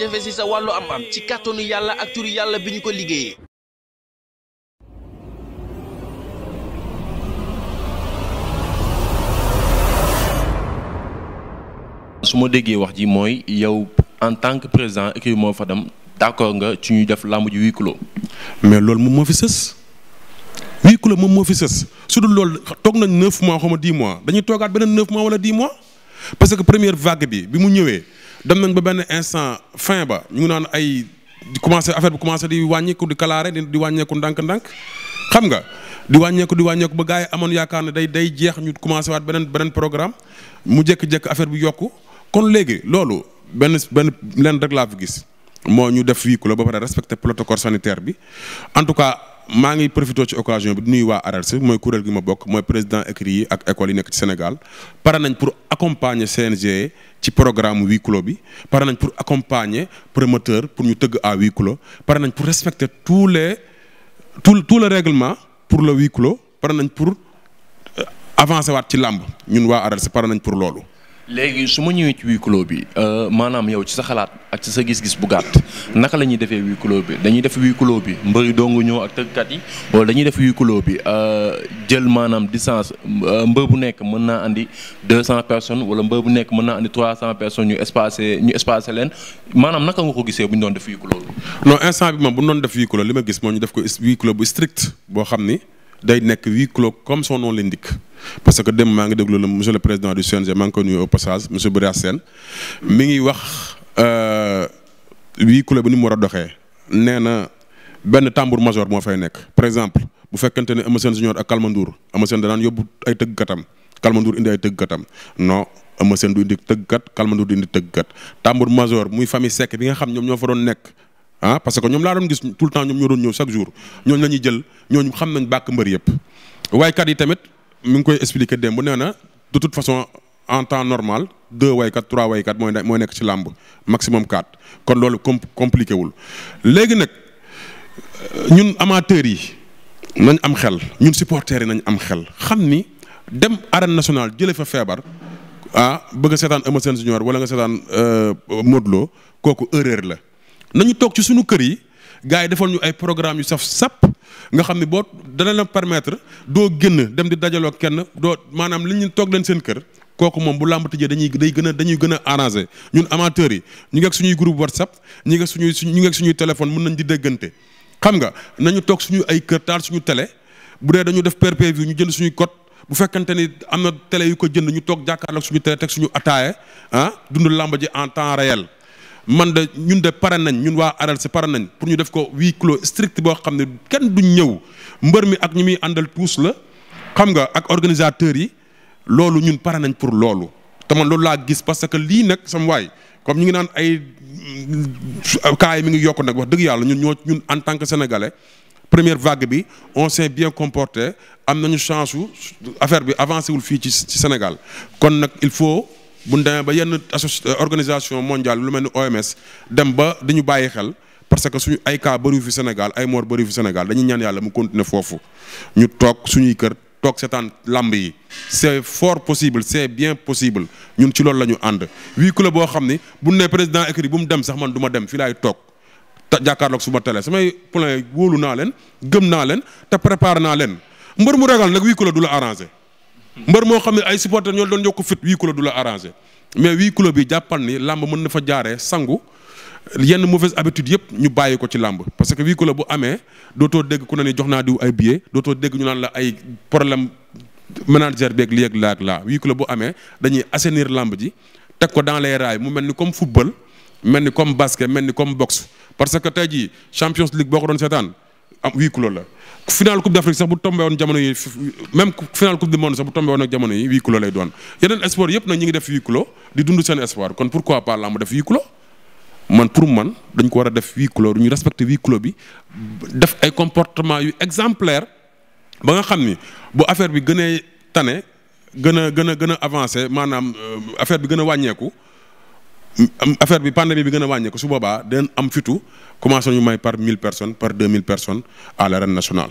jafe-jafe sa wàllu am-am ci kàttanu yàlla ak turu bi ñu ko liggéeyee. su ma déggee wax ji mooy yow en tant que président écurie moo fa dem d'accord nga ci ñuy def làmb ji huis clos. mais loolu moom moo fi sës huis clos moom moo fi sës su dul loolu toog nañ neuf mois xaw ma dañuy toogaat beneen neuf mois wala dix mois parce que première vague bi bi mu ñëwee. dem nañ ba benn instant fin ba ñu ngi naan ay commencé affaire bi commencé di wàññeeku di kalaare di wàññeeku ndànk-ndànk xam nga di wàññeeku di wàññeeku ba gars yi amoon yaakaar ne day day jeex ñu commencé waat beneen beneen programme mu jékki-jékki affaire bi yokk kon léegi loolu benn benn leen rek laa fi gis moo ñu def fii ku la ba pare respecté protocole sanitaire bi en tout cas. maa ngi profité ci occasion bi di nuyu waa ARARS mooy kuréel gi ma bokk mooy président écrit yi ak école yi nekk ci Sénégal pare nañ pour accompagner CNG ci programme huis clos bi pare nañ pour accompagner promoteur pour ñu tëgg à huis clos pare nañ pour respecter tous les tout tout le règlement pour le wii clos pare nañ pour euh, avancer waat ci làmb ñun waa ARARS pare nañ pour loolu. léegi su ma ñëwee ci huis clos bi euh, maanaam yow ci sa xalaat ak ci sa gis-gis bu gàtt naka la ñuy defee huis clos bi dañuy def huis clos bi mbër yi dong ñëw ak tëggkat yi wala dañuy def huis clos bi euh, jël maanaam distance euh, mbër bu nekk mën naa andi 200 personnes wala mbër bu nekk mën naa andi 300 personnes ñu espacé ñu espacé leen maanaam naka nga ko gisee bu ñu doon def huis clos bi. non instant bi moom bu ñu doon def huis li ma gis moo ñu def ko huis clos bu strict boo xam ni. day nekk huis clos comme son nom l'indique parce que dem maa ngi déglu la monsieur le président du CNG maa ngi ko nuyu au passage monsieur mi ngi wax euh, huis clos bi nu mu war a doxee nee na benn tambour major moo fay nekk par exemple bu fekkente ne Eumeu Sène junior ak Kalmandour Eumeu Sène danaan yóbbu ay tëggkatam Kalmandour indi ay tëggkatam no Eumeu Sène du indi tëggkat Kalmandour du indi tëggkat tambour major muy famille Seck bi nga xam ñoom ñoo fa doon nekk ah parce que ñoom laa doon gis tout le temps ñoom ñoo doon ñëw chaque jour ñooñu la ñuy jël ñooñu xam nañ bàkk mbër yëpp waykat yi tamit mu ngi koy expliquer démb nee na de toute façon en temps normal deux waykat trois waykat mooy mooy nekk ci làmb maximum quatre kon loolu compliqué wul léegi nag euh, ñun amateur yi nañ am xel ñun supporters yi nañ am xel xam ni dem arène national jële fa feebar ah, bëgg a seetaan Eumeu Sène Junior wala nga seetaan euh, Modou Lo kooku erreur la nañu toog ci suñu kër yi gars yi defal ñu ay programme yu saf sap nga xam ne boo dana la permettre doo génn dem di dajaloo kenn doo maanaam li ñu toog leen seen kër kooku moom bu làmb tëjee dañuy day gën a dañuy gën a arrangé ñun amateurs yi ñu ngi ak suñuy groupe whatsapp ñu ngi suñuy ñu ngi ak suñuy téléphone mën nañ di déggante xam nga nañu toog suñu ay kër taal suñu tele bu dee dañu def PPV ñu jënd suñu code bu fekkente ni am na télé yu ko jënd ñu toog jàkkaarloog suñu télé teg suñu ataaye ah dund làmb ji en temps réel man de ñun de pare nañ ñun waa aral si pare nañ pour ñu def ko huis kilo strict boo xam ne kenn du ñëw mbër mi ak ñu muy àndal tous la xam nga ak organisateurs yi loolu ñun pare nañ pour loolu te man loolu laa gis parce que lii nag sam waay comme ñu ngi naan ay mm, kaay mi ngi yokk nag wax dëgg yàlla ñun ñoo ñun en tant que sénégalais première vague bi on s'est bien comporté am nañu chance affaire bi avancé wul fii ci ci Sénégal kon nag il faut. bu demee ba yenn euh, organisation mondial lu mel ni OMS dem ba dañu bàyyi xel parce que suñu ay cas bëriwu fi Sénégal ay mort bëriwu fi Sénégal dañuy ñaan yàlla mu continuer foofu ñu toog suñuy kër toog seetaan lamb yi c'est fort possible c'est bien possible ñun ci loolu la ñu ànd huis clos boo xam ni bu ne président écrit bu mu dem sax man duma dem fii laay toog te jàkkaarloog suma télé samay plan wóolu naa leen gëm naa leen te préparé naa leen mbër mu ragal nag huis clos du la arrangé mbër moo xam ne ay supporter ñoo doon yokk fit huis clos du la arrangé mais huis clos bi jàppal ni làmb mën na fa jaaree sangu yenn mauvaise habitude yëpp ñu bàyyi ko ci làmb parce que huis clos bu amee dootoo dégg ku ne jox naa diw ay billets dootoo dégg ñu naan la ay problème manager beeg lii ak laa ak laa huis bu amee dañuy assainir làmb ji teg ko dans les rails mu mel ni comme football mel ni comme basket mel ni comme boxe parce que tey jii Champions League boo ko doon seetaan. am huis clos la final coupe d'Afrique sax bu tombé woon jamono yi même final coupe du monde sax bu tombé woon ak jamono yi huis clos lay doon yeneen sport yëpp nag ñu ngi def huis clos di dund seen sport kon pourquoi pas lamb def huis clos man pour man dañ ko war a def huis clos du ñu respecté huis clos bi def ay comportement yu exemplaire ba nga xam ni bu affaire bi gënee tane gën a gën a gën a avancé maanaam euh, affaire bi gën a wàññeeku affaire bi pandémie bi gën a wàññeeku su boobaa den am fitu commencé ñu may par mille personnes par deux mille personnes à l'arène nationale.